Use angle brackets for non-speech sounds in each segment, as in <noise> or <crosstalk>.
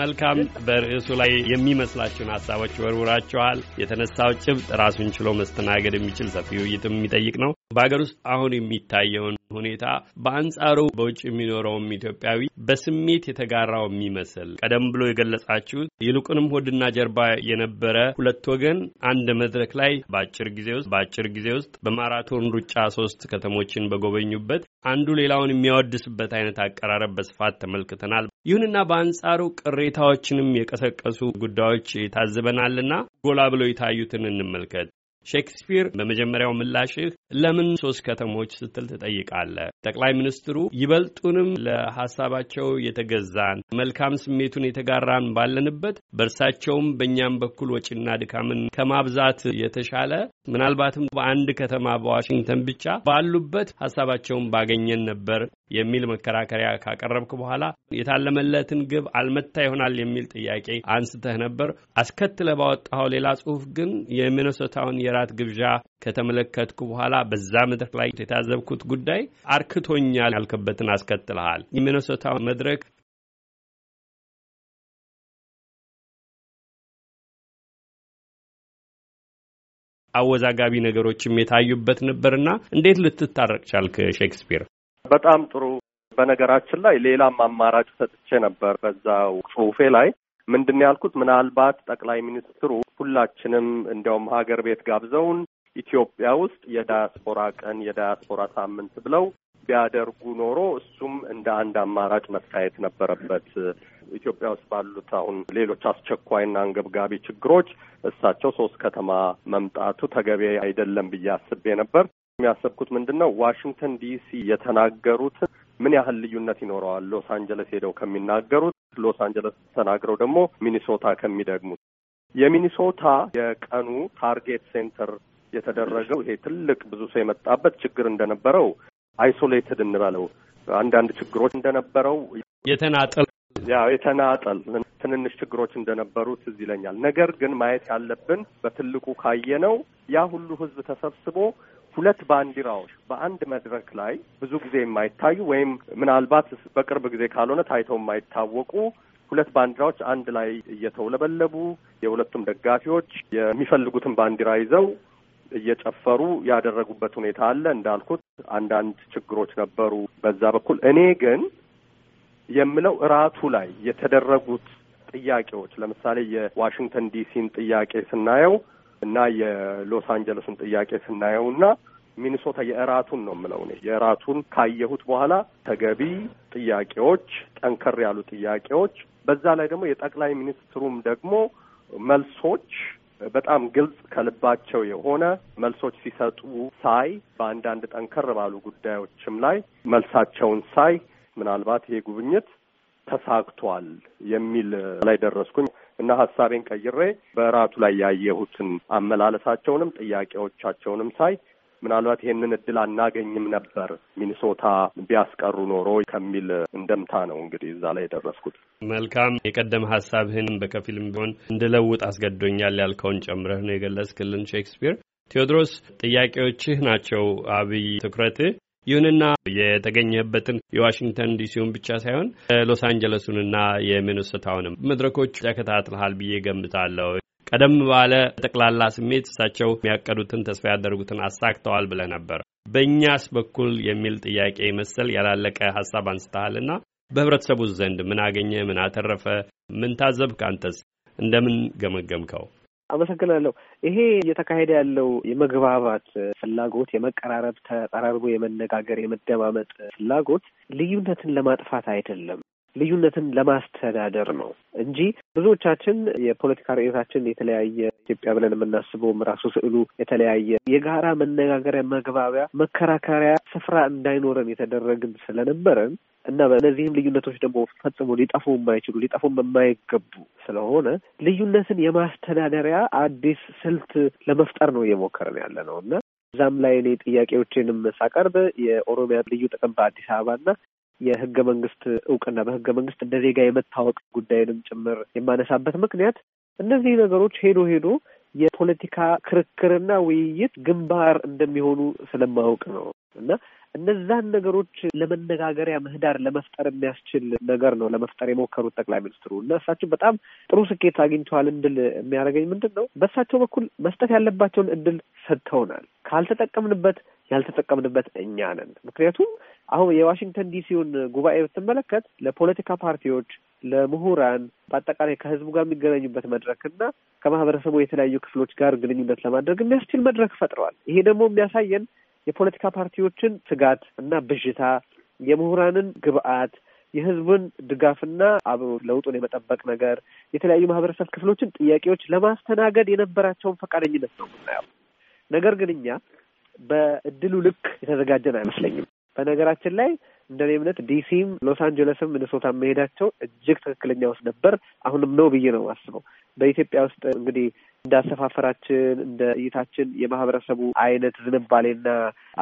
መልካም። በርዕሱ ላይ የሚመስላችሁን ሀሳቦች ወርውራችኋል። የተነሳው ጭብጥ ራሱን ችሎ መስተናገድ የሚችል ሰፊ ውይይትም የሚጠይቅ ነው። በሀገር ውስጥ አሁን የሚታየውን ሁኔታ በአንጻሩ በውጭ የሚኖረውም ኢትዮጵያዊ በስሜት የተጋራው የሚመስል ቀደም ብሎ የገለጻችሁት ይልቁንም ሆድና ጀርባ የነበረ ሁለት ወገን አንድ መድረክ ላይ በአጭር ጊዜ ውስጥ በአጭር ጊዜ ውስጥ በማራቶን ሩጫ ሶስት ከተሞችን በጎበኙበት አንዱ ሌላውን የሚያወድስበት አይነት አቀራረብ በስፋት ተመልክተናል። ይሁንና በአንጻሩ ቅሬታዎችንም የቀሰቀሱ ጉዳዮች ታዝበናልና ጎላ ብለው የታዩትን እንመልከት። ሼክስፒር በመጀመሪያው ምላሽህ ለምን ሶስት ከተሞች ስትል ትጠይቃለህ። ጠቅላይ ሚኒስትሩ ይበልጡንም ለሀሳባቸው የተገዛን መልካም ስሜቱን የተጋራን ባለንበት በእርሳቸውም በእኛም በኩል ወጪና ድካምን ከማብዛት የተሻለ ምናልባትም በአንድ ከተማ በዋሽንግተን ብቻ ባሉበት ሀሳባቸውን ባገኘን ነበር የሚል መከራከሪያ ካቀረብክ በኋላ የታለመለትን ግብ አልመታ ይሆናል የሚል ጥያቄ አንስተህ ነበር። አስከትለ ባወጣኸው ሌላ ጽሁፍ ግን የሚነሶታውን የራት ግብዣ ከተመለከትኩ በኋላ በዛ መድረክ ላይ የታዘብኩት ጉዳይ አርክቶኛል ያልክበትን አስከትልሃል። የሚነሶታ መድረክ አወዛጋቢ ነገሮችም የታዩበት ነበርና እንዴት ልትታረቅ ቻልክ ሼክስፒር? በጣም ጥሩ። በነገራችን ላይ ሌላም አማራጭ ሰጥቼ ነበር በዛው ጽሁፌ ላይ ምንድን ነው ያልኩት? ምናልባት ጠቅላይ ሚኒስትሩ ሁላችንም እንዲያውም ሀገር ቤት ጋብዘውን ኢትዮጵያ ውስጥ የዳያስፖራ ቀን የዳያስፖራ ሳምንት ብለው ቢያደርጉ ኖሮ እሱም እንደ አንድ አማራጭ መታየት ነበረበት። ኢትዮጵያ ውስጥ ባሉት አሁን ሌሎች አስቸኳይና አንገብጋቢ ችግሮች እሳቸው ሶስት ከተማ መምጣቱ ተገቢ አይደለም ብዬ አስቤ ነበር። ያሰብኩት ምንድን ነው ዋሽንግተን ዲሲ የተናገሩት ምን ያህል ልዩነት ይኖረዋል ሎስ አንጀለስ ሄደው ከሚናገሩት ሎስ አንጀለስ ተናግረው ደግሞ ሚኒሶታ ከሚደግሙት የሚኒሶታ የቀኑ ታርጌት ሴንተር የተደረገው ይሄ ትልቅ ብዙ ሰው የመጣበት ችግር እንደነበረው አይሶሌትድ እንበለው አንዳንድ ችግሮች እንደነበረው የተናጠል ያው የተናጠል ትንንሽ ችግሮች እንደነበሩት እዚህ ይለኛል። ነገር ግን ማየት ያለብን በትልቁ ካየ ነው ያ ሁሉ ህዝብ ተሰብስቦ ሁለት ባንዲራዎች በአንድ መድረክ ላይ ብዙ ጊዜ የማይታዩ ወይም ምናልባት በቅርብ ጊዜ ካልሆነ ታይተው የማይታወቁ ሁለት ባንዲራዎች አንድ ላይ እየተውለበለቡ የሁለቱም ደጋፊዎች የሚፈልጉትን ባንዲራ ይዘው እየጨፈሩ ያደረጉበት ሁኔታ አለ። እንዳልኩት አንዳንድ ችግሮች ነበሩ በዛ በኩል። እኔ ግን የምለው እራቱ ላይ የተደረጉት ጥያቄዎች ለምሳሌ የዋሽንግተን ዲሲን ጥያቄ ስናየው እና የሎስ አንጀለስን ጥያቄ እና ሚኒሶታ የእራቱን ነው የምለው እኔ የእራቱን ካየሁት በኋላ ተገቢ ጥያቄዎች፣ ጠንከር ያሉ ጥያቄዎች፣ በዛ ላይ ደግሞ የጠቅላይ ሚኒስትሩም ደግሞ መልሶች በጣም ግልጽ ከልባቸው የሆነ መልሶች ሲሰጡ ሳይ በአንዳንድ ጠንከር ባሉ ጉዳዮችም ላይ መልሳቸውን ሳይ ምናልባት ይሄ ጉብኝት ተሳክቷል የሚል ላይ ደረስኩኝ። እና ሀሳቤን ቀይሬ በእራቱ ላይ ያየሁትን አመላለሳቸውንም ጥያቄዎቻቸውንም ሳይ ምናልባት ይህንን እድል አናገኝም ነበር ሚኒሶታ ቢያስቀሩ ኖሮ ከሚል እንደምታ ነው እንግዲህ እዛ ላይ የደረስኩት። መልካም የቀደመ ሀሳብህንም በከፊልም ቢሆን እንድለውጥ አስገዶኛል ያልከውን ጨምረህ ነው የገለጽክልን ሼክስፒር። ቴዎድሮስ ጥያቄዎችህ ናቸው አብይ ትኩረትህ። ይሁንና የተገኘበትን የዋሽንግተን ዲሲውን ብቻ ሳይሆን ሎስ አንጀለሱንና የሚኒሶታውንም መድረኮች ተከታትልሃል ብዬ ገምታለሁ። ቀደም ባለ ጠቅላላ ስሜት እሳቸው የሚያቀዱትን ተስፋ ያደርጉትን አሳክተዋል ብለህ ነበር። በእኛስ በኩል የሚል ጥያቄ መሰል ያላለቀ ሀሳብ አንስተሃልና በህብረተሰቡ ዘንድ ምን አገኘ? ምን አተረፈ? ምን ታዘብክ? አንተስ እንደምን ገመገምከው? አመሰግናለሁ። ይሄ እየተካሄደ ያለው የመግባባት ፍላጎት፣ የመቀራረብ ተጠራርቦ የመነጋገር የመደማመጥ ፍላጎት ልዩነትን ለማጥፋት አይደለም ልዩነትን ለማስተዳደር ነው እንጂ ብዙዎቻችን የፖለቲካ ርዕዮታችን የተለያየ ኢትዮጵያ ብለን የምናስበውም ራሱ ስዕሉ የተለያየ የጋራ መነጋገሪያ፣ መግባቢያ፣ መከራከሪያ ስፍራ እንዳይኖረን የተደረግን ስለነበረን እና በእነዚህም ልዩነቶች ደግሞ ፈጽሞ ሊጠፉ የማይችሉ ሊጠፉ የማይገቡ ስለሆነ ልዩነትን የማስተዳደሪያ አዲስ ስልት ለመፍጠር ነው እየሞከርን ያለ ነው እና እዛም ላይ እኔ ጥያቄዎቼንም ሳቀርብ የኦሮሚያ ልዩ ጥቅም በአዲስ አበባና የህገ መንግስት እውቅና በህገ መንግስት እንደ ዜጋ የመታወቅ ጉዳይንም ጭምር የማነሳበት ምክንያት እነዚህ ነገሮች ሄዶ ሄዶ የፖለቲካ ክርክርና ውይይት ግንባር እንደሚሆኑ ስለማወቅ ነው እና እነዛን ነገሮች ለመነጋገሪያ ምህዳር ለመፍጠር የሚያስችል ነገር ነው ለመፍጠር የሞከሩት ጠቅላይ ሚኒስትሩ እና እሳቸው በጣም ጥሩ ስኬት አግኝተዋል እንድል የሚያደርገኝ ምንድን ነው በእሳቸው በኩል መስጠት ያለባቸውን እድል ሰጥተውናል። ካልተጠቀምንበት ያልተጠቀምንበት እኛ ነን። ምክንያቱም አሁን የዋሽንግተን ዲሲውን ጉባኤ ብትመለከት ለፖለቲካ ፓርቲዎች፣ ለምሁራን በአጠቃላይ ከህዝቡ ጋር የሚገናኙበት መድረክ እና ከማህበረሰቡ የተለያዩ ክፍሎች ጋር ግንኙነት ለማድረግ የሚያስችል መድረክ ፈጥረዋል። ይሄ ደግሞ የሚያሳየን የፖለቲካ ፓርቲዎችን ስጋት እና ብዥታ፣ የምሁራንን ግብአት፣ የህዝብን ድጋፍና አብሮ ለውጡን የመጠበቅ ነገር የተለያዩ ማህበረሰብ ክፍሎችን ጥያቄዎች ለማስተናገድ የነበራቸውን ፈቃደኝነት ነው የምናየው። ነገር ግን እኛ በእድሉ ልክ የተዘጋጀን አይመስለኝም። በነገራችን ላይ እንደ እምነት ዲሲም ሎስ አንጀለስም ሚኒሶታ መሄዳቸው እጅግ ትክክለኛ ውስጥ ነበር። አሁንም ነው ብዬ ነው የማስበው። በኢትዮጵያ ውስጥ እንግዲህ እንደ አሰፋፈራችን እንደ እይታችን የማህበረሰቡ አይነት ዝንባሌና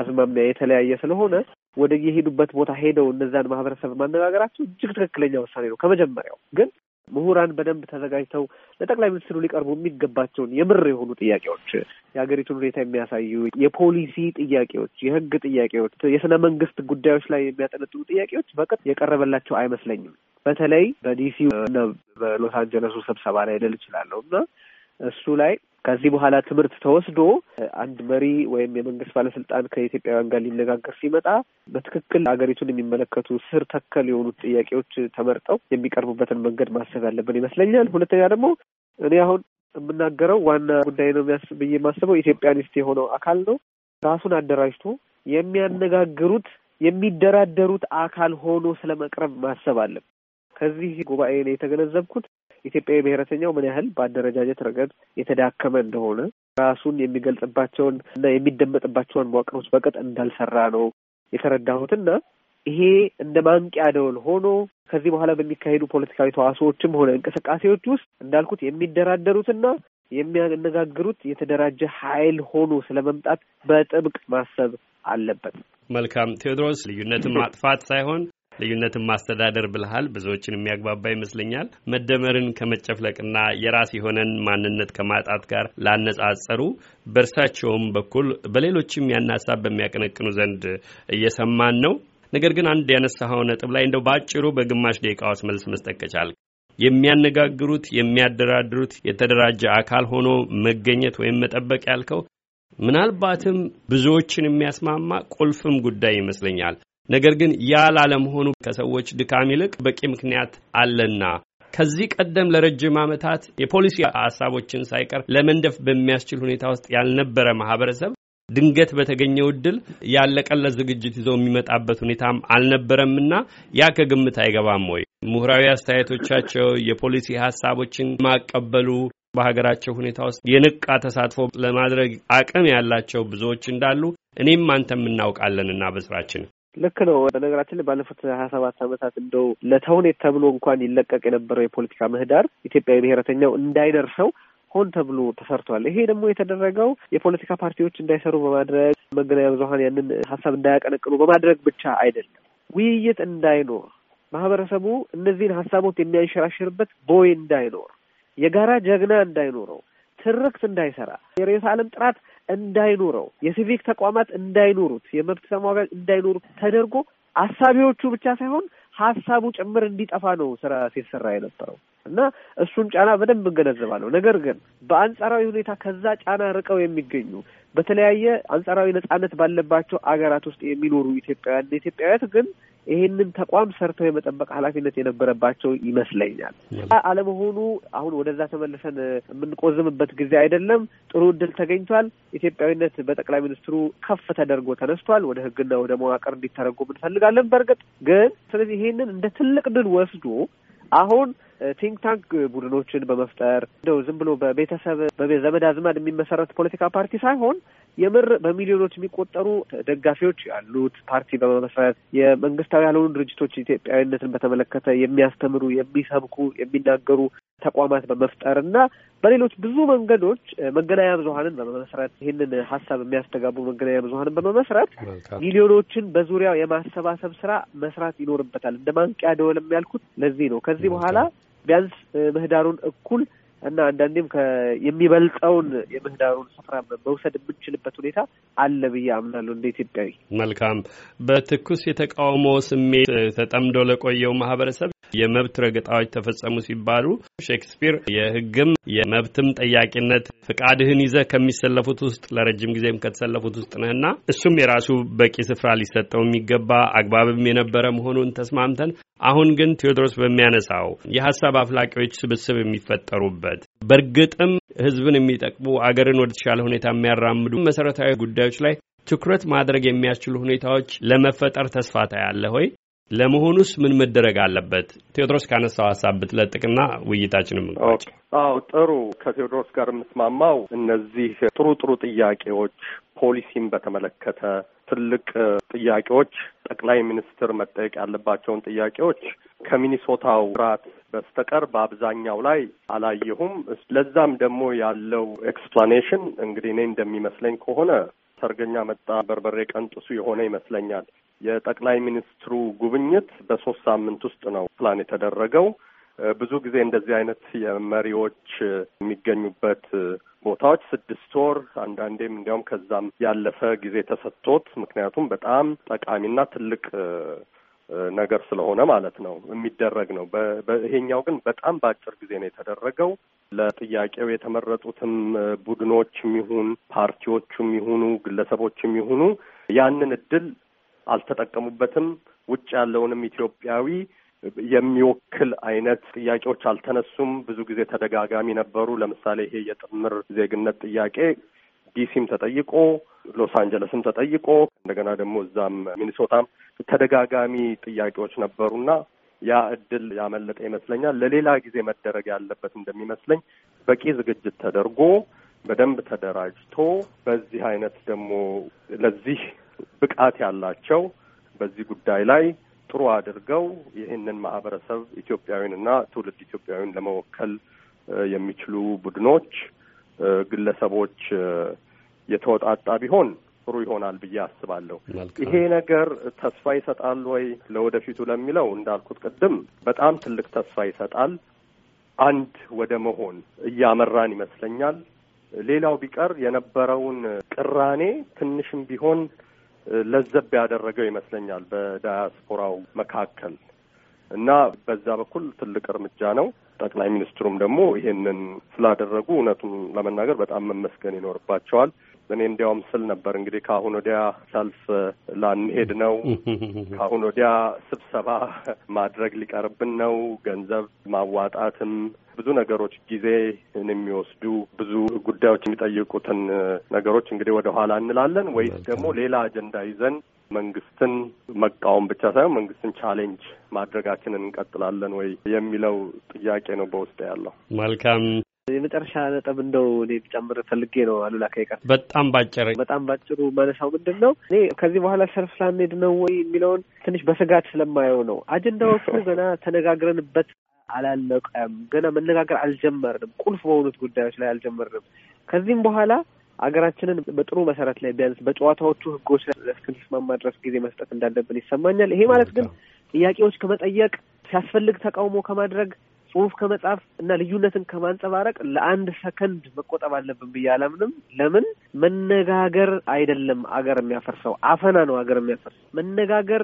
አዝማሚያ የተለያየ ስለሆነ ወደ የሄዱበት ቦታ ሄደው እነዛን ማህበረሰብ ማነጋገራቸው እጅግ ትክክለኛ ውሳኔ ነው። ከመጀመሪያው ግን ምሁራን በደንብ ተዘጋጅተው ለጠቅላይ ሚኒስትሩ ሊቀርቡ የሚገባቸውን የምር የሆኑ ጥያቄዎች፣ የሀገሪቱን ሁኔታ የሚያሳዩ የፖሊሲ ጥያቄዎች፣ የህግ ጥያቄዎች፣ የስነ መንግስት ጉዳዮች ላይ የሚያጠነጥኑ ጥያቄዎች በቀጥ የቀረበላቸው አይመስለኝም። በተለይ በዲሲ እና በሎስ አንጀለሱ ስብሰባ ላይ ልል እችላለሁ እና እሱ ላይ ከዚህ በኋላ ትምህርት ተወስዶ አንድ መሪ ወይም የመንግስት ባለስልጣን ከኢትዮጵያውያን ጋር ሊነጋገር ሲመጣ በትክክል ሀገሪቱን የሚመለከቱ ስር ተከል የሆኑት ጥያቄዎች ተመርጠው የሚቀርቡበትን መንገድ ማሰብ ያለብን ይመስለኛል። ሁለተኛ ደግሞ እኔ አሁን የምናገረው ዋና ጉዳይ ነው ብዬ የማስበው ኢትዮጵያኒስት የሆነው አካል ነው። ራሱን አደራጅቶ የሚያነጋግሩት የሚደራደሩት አካል ሆኖ ስለመቅረብ ማሰብ አለን። ከዚህ ጉባኤ ነው የተገነዘብኩት። ኢትዮጵያዊ ብሔረተኛው ምን ያህል በአደረጃጀት ረገድ የተዳከመ እንደሆነ ራሱን የሚገልጽባቸውን እና የሚደመጥባቸውን መዋቅሮች በቅጥ እንዳልሰራ ነው የተረዳሁትና ይሄ እንደ ማንቂያ ደወል ሆኖ ከዚህ በኋላ በሚካሄዱ ፖለቲካዊ ተዋሶዎችም ሆነ እንቅስቃሴዎች ውስጥ እንዳልኩት የሚደራደሩትና የሚያነጋግሩት የተደራጀ ኃይል ሆኖ ስለመምጣት በጥብቅ ማሰብ አለበት። መልካም ቴዎድሮስ፣ ልዩነትን ማጥፋት ሳይሆን ልዩነትን ማስተዳደር ብልሃል ብዙዎችን የሚያግባባ ይመስለኛል። መደመርን ከመጨፍለቅና የራስ የሆነን ማንነት ከማጣት ጋር ላነጻጸሩ በእርሳቸውም በኩል በሌሎችም ያን ሀሳብ በሚያቀነቅኑ ዘንድ እየሰማን ነው። ነገር ግን አንድ ያነሳኸው ነጥብ ላይ እንደው በአጭሩ በግማሽ ደቂቃዎች መልስ መስጠት ከቻልክ የሚያነጋግሩት የሚያደራድሩት የተደራጀ አካል ሆኖ መገኘት ወይም መጠበቅ ያልከው ምናልባትም ብዙዎችን የሚያስማማ ቁልፍም ጉዳይ ይመስለኛል። ነገር ግን ያ ላለመሆኑ ከሰዎች ድካም ይልቅ በቂ ምክንያት አለና ከዚህ ቀደም ለረጅም ዓመታት የፖሊሲ ሀሳቦችን ሳይቀር ለመንደፍ በሚያስችል ሁኔታ ውስጥ ያልነበረ ማህበረሰብ ድንገት በተገኘው እድል ያለቀለት ዝግጅት ይዞ የሚመጣበት ሁኔታም አልነበረምና ያ ከግምት አይገባም ወይ? ምሁራዊ አስተያየቶቻቸው የፖሊሲ ሀሳቦችን ማቀበሉ በሀገራቸው ሁኔታ ውስጥ የንቃ ተሳትፎ ለማድረግ አቅም ያላቸው ብዙዎች እንዳሉ እኔም አንተም እናውቃለንና በስራችን ልክ ነው። በነገራችን ላይ ባለፉት ሀያ ሰባት አመታት እንደው ለተውኔት ተብሎ እንኳን ይለቀቅ የነበረው የፖለቲካ ምህዳር ኢትዮጵያዊ ብሔረተኛው እንዳይደርሰው ሆን ተብሎ ተሰርቷል። ይሄ ደግሞ የተደረገው የፖለቲካ ፓርቲዎች እንዳይሰሩ በማድረግ መገናኛ ብዙሀን ያንን ሀሳብ እንዳያቀነቅኑ በማድረግ ብቻ አይደለም። ውይይት እንዳይኖር ማህበረሰቡ እነዚህን ሀሳቦች የሚያንሸራሽርበት ቦይ እንዳይኖር፣ የጋራ ጀግና እንዳይኖረው፣ ትርክት እንዳይሰራ፣ የርዕዮተ ዓለም ጥራት እንዳይኖረው፣ የሲቪክ ተቋማት እንዳይኖሩት፣ የመብት ተሟጋጅ እንዳይኖሩት ተደርጎ አሳቢዎቹ ብቻ ሳይሆን ሀሳቡ ጭምር እንዲጠፋ ነው ስራ ሲሰራ የነበረው። እና እሱን ጫና በደንብ እንገነዘባለሁ። ነገር ግን በአንጻራዊ ሁኔታ ከዛ ጫና ርቀው የሚገኙ በተለያየ አንጻራዊ ነጻነት ባለባቸው አገራት ውስጥ የሚኖሩ ኢትዮጵያውያን ኢትዮጵያውያት ግን ይሄንን ተቋም ሰርተው የመጠበቅ ኃላፊነት የነበረባቸው ይመስለኛል። አለመሆኑ አሁን ወደዛ ተመልሰን የምንቆዝምበት ጊዜ አይደለም። ጥሩ እድል ተገኝቷል። ኢትዮጵያዊነት በጠቅላይ ሚኒስትሩ ከፍ ተደርጎ ተነስቷል። ወደ ሕግና ወደ መዋቅር እንዲተረጎም እንፈልጋለን። በእርግጥ ግን ስለዚህ ይሄንን እንደ ትልቅ ድል ወስዶ አሁን ቲንክ ታንክ ቡድኖችን በመፍጠር እንደው ዝም ብሎ በቤተሰብ በዘመድ አዝማድ የሚመሰረት ፖለቲካ ፓርቲ ሳይሆን የምር በሚሊዮኖች የሚቆጠሩ ደጋፊዎች ያሉት ፓርቲ በመመስረት የመንግስታዊ ያልሆኑ ድርጅቶች ኢትዮጵያዊነትን በተመለከተ የሚያስተምሩ፣ የሚሰብኩ፣ የሚናገሩ ተቋማት በመፍጠር እና በሌሎች ብዙ መንገዶች መገናኛ ብዙሀንን በመመስረት ይህንን ሀሳብ የሚያስተጋቡ መገናኛ ብዙሀንን በመመስረት ሚሊዮኖችን በዙሪያው የማሰባሰብ ስራ መስራት ይኖርበታል። እንደ ማንቂያ ደወል የሚያልኩት ለዚህ ነው። ከዚህ በኋላ ቢያንስ ምህዳሩን እኩል እና አንዳንዴም የሚበልጠውን የምህዳሩን ስፍራ መውሰድ የምንችልበት ሁኔታ አለ ብዬ አምናለሁ እንደ ኢትዮጵያዊ። መልካም። በትኩስ የተቃውሞ ስሜት ተጠምዶ ለቆየው ማህበረሰብ የመብት ረገጣዎች ተፈጸሙ ሲባሉ ሼክስፒር የህግም የመብትም ጠያቂነት ፍቃድህን ይዘህ ከሚሰለፉት ውስጥ ለረጅም ጊዜም ከተሰለፉት ውስጥ ነህና እሱም የራሱ በቂ ስፍራ ሊሰጠው የሚገባ አግባብም የነበረ መሆኑን ተስማምተን አሁን ግን ቴዎድሮስ በሚያነሳው የሀሳብ አፍላቂዎች ስብስብ የሚፈጠሩበት በእርግጥም ህዝብን የሚጠቅሙ አገርን ወደተሻለ ሁኔታ የሚያራምዱ መሰረታዊ ጉዳዮች ላይ ትኩረት ማድረግ የሚያስችሉ ሁኔታዎች ለመፈጠር ተስፋ ያለ ወይ? ለመሆኑስ ምን መደረግ አለበት? ቴዎድሮስ ካነሳው ሀሳብ ብትለጥቅና ውይይታችንም እንቋጭ። አዎ ጥሩ። ከቴዎድሮስ ጋር የምስማማው እነዚህ ጥሩ ጥሩ ጥያቄዎች ፖሊሲን በተመለከተ ትልቅ ጥያቄዎች ጠቅላይ ሚኒስትር መጠየቅ ያለባቸውን ጥያቄዎች ከሚኒሶታው ራት በስተቀር በአብዛኛው ላይ አላየሁም። ለዛም ደግሞ ያለው ኤክስፕላኔሽን እንግዲህ እኔ እንደሚመስለኝ ከሆነ ሰርገኛ መጣ በርበሬ ቀንጥሱ የሆነ ይመስለኛል። የጠቅላይ ሚኒስትሩ ጉብኝት በሶስት ሳምንት ውስጥ ነው ፕላን የተደረገው። ብዙ ጊዜ እንደዚህ አይነት የመሪዎች የሚገኙበት ቦታዎች ስድስት ወር አንዳንዴም እንዲያውም ከዛም ያለፈ ጊዜ ተሰጥቶት ምክንያቱም በጣም ጠቃሚና ትልቅ ነገር ስለሆነ ማለት ነው የሚደረግ ነው። ይሄኛው ግን በጣም በአጭር ጊዜ ነው የተደረገው። ለጥያቄው የተመረጡትም ቡድኖችም ይሁን ፓርቲዎችም ይሁኑ ግለሰቦችም ይሁኑ ያንን እድል አልተጠቀሙበትም። ውጭ ያለውንም ኢትዮጵያዊ የሚወክል አይነት ጥያቄዎች አልተነሱም። ብዙ ጊዜ ተደጋጋሚ ነበሩ። ለምሳሌ ይሄ የጥምር ዜግነት ጥያቄ ዲሲም ተጠይቆ ሎስ አንጀለስም ተጠይቆ እንደገና ደግሞ እዛም ሚኒሶታም ተደጋጋሚ ጥያቄዎች ነበሩና ያ እድል ያመለጠ ይመስለኛል። ለሌላ ጊዜ መደረግ ያለበት እንደሚመስለኝ በቂ ዝግጅት ተደርጎ በደንብ ተደራጅቶ በዚህ አይነት ደግሞ ለዚህ ብቃት ያላቸው በዚህ ጉዳይ ላይ ጥሩ አድርገው ይህንን ማህበረሰብ ኢትዮጵያዊንና ትውልድ ኢትዮጵያዊን ለመወከል የሚችሉ ቡድኖች፣ ግለሰቦች የተወጣጣ ቢሆን ጥሩ ይሆናል ብዬ አስባለሁ። ይሄ ነገር ተስፋ ይሰጣል ወይ ለወደፊቱ ለሚለው እንዳልኩት ቅድም በጣም ትልቅ ተስፋ ይሰጣል። አንድ ወደ መሆን እያመራን ይመስለኛል። ሌላው ቢቀር የነበረውን ቅራኔ ትንሽም ቢሆን ለዘብ ያደረገው ይመስለኛል በዳያስፖራው መካከል እና በዛ በኩል ትልቅ እርምጃ ነው። ጠቅላይ ሚኒስትሩም ደግሞ ይሄንን ስላደረጉ እውነቱን ለመናገር በጣም መመስገን ይኖርባቸዋል። እኔ እንዲያውም ስል ነበር እንግዲህ ከአሁን ወዲያ ሰልፍ ላንሄድ ነው፣ <laughs> ከአሁን ወዲያ ስብሰባ ማድረግ ሊቀርብን ነው፣ ገንዘብ ማዋጣትም ብዙ ነገሮች ጊዜ የሚወስዱ ብዙ ጉዳዮች የሚጠይቁትን ነገሮች እንግዲህ ወደ ኋላ እንላለን ወይስ ደግሞ ሌላ አጀንዳ ይዘን መንግስትን መቃወም ብቻ ሳይሆን መንግስትን ቻሌንጅ ማድረጋችንን እንቀጥላለን ወይ የሚለው ጥያቄ ነው በውስጥ ያለው። መልካም የመጨረሻ ነጥብ እንደው እኔ ጨምር ፈልጌ ነው አሉላ ከይቀር በጣም ባጭር በጣም ባጭሩ ማነሻው ምንድን ነው እኔ ከዚህ በኋላ ሰልፍ ላንሄድ ነው ወይ የሚለውን ትንሽ በስጋት ስለማየው ነው። አጀንዳዎቹ ገና ተነጋግረንበት አላለቀም። ገና መነጋገር አልጀመርንም። ቁልፍ በሆኑት ጉዳዮች ላይ አልጀመርንም። ከዚህም በኋላ አገራችንን በጥሩ መሰረት ላይ ቢያንስ በጨዋታዎቹ ህጎች ላይ እስክንስማማ ድረስ ጊዜ መስጠት እንዳለብን ይሰማኛል። ይሄ ማለት ግን ጥያቄዎች ከመጠየቅ ሲያስፈልግ ተቃውሞ ከማድረግ ጽሁፍ ከመጻፍ እና ልዩነትን ከማንጸባረቅ ለአንድ ሰከንድ መቆጠብ አለብን ብዬ አላምንም። ለምን መነጋገር አይደለም አገር የሚያፈርሰው አፈና ነው አገር የሚያፈርሰው። መነጋገር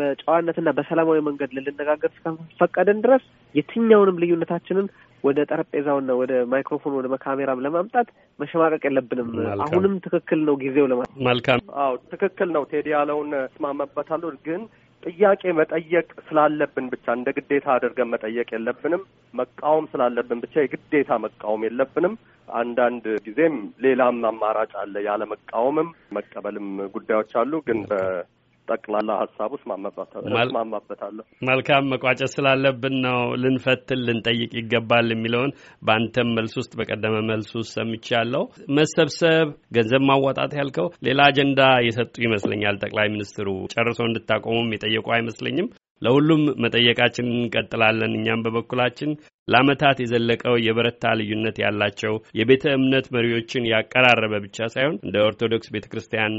በጨዋነትና በሰላማዊ መንገድ ልንነጋገር እስከፈቀደን ድረስ የትኛውንም ልዩነታችንን ወደ ጠረጴዛውና ወደ ማይክሮፎን ወደ ካሜራም ለማምጣት መሸማቀቅ የለብንም። አሁንም ትክክል ነው ጊዜው ለማ መልካም። አዎ ትክክል ነው ቴዲ ያለውን እስማማበታለሁ ግን ጥያቄ መጠየቅ ስላለብን ብቻ እንደ ግዴታ አድርገን መጠየቅ የለብንም። መቃወም ስላለብን ብቻ የግዴታ መቃወም የለብንም። አንዳንድ ጊዜም ሌላም አማራጭ አለ። ያለ መቃወምም መቀበልም ጉዳዮች አሉ። ግን ጠቅላላ ሀሳብ ውስጥ መልካም መቋጨት ስላለብን ነው ልንፈትን ልንጠይቅ ይገባል የሚለውን በአንተም መልስ ውስጥ በቀደመ መልስ ውስጥ ሰምቻለሁ። መሰብሰብ፣ ገንዘብ ማዋጣት ያልከው ሌላ አጀንዳ የሰጡ ይመስለኛል ጠቅላይ ሚኒስትሩ። ጨርሶ እንድታቆሙም የጠየቁ አይመስለኝም። ለሁሉም መጠየቃችን እንቀጥላለን። እኛም በበኩላችን ለዓመታት የዘለቀው የበረታ ልዩነት ያላቸው የቤተ እምነት መሪዎችን ያቀራረበ ብቻ ሳይሆን እንደ ኦርቶዶክስ ቤተ ክርስቲያን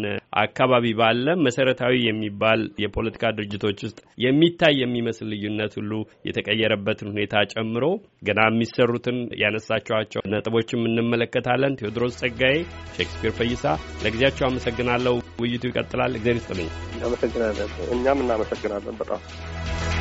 አካባቢ ባለ መሰረታዊ የሚባል የፖለቲካ ድርጅቶች ውስጥ የሚታይ የሚመስል ልዩነት ሁሉ የተቀየረበትን ሁኔታ ጨምሮ ገና የሚሰሩትን ያነሳቸዋቸው ነጥቦችም እንመለከታለን። ቴዎድሮስ ጸጋዬ፣ ሼክስፒር ፈይሳ ለጊዜያቸው አመሰግናለሁ። ውይይቱ ይቀጥላል። እግዚአብሔር ይስጥልኝ። አመሰግናለን። እኛም እናመሰግናለን በጣም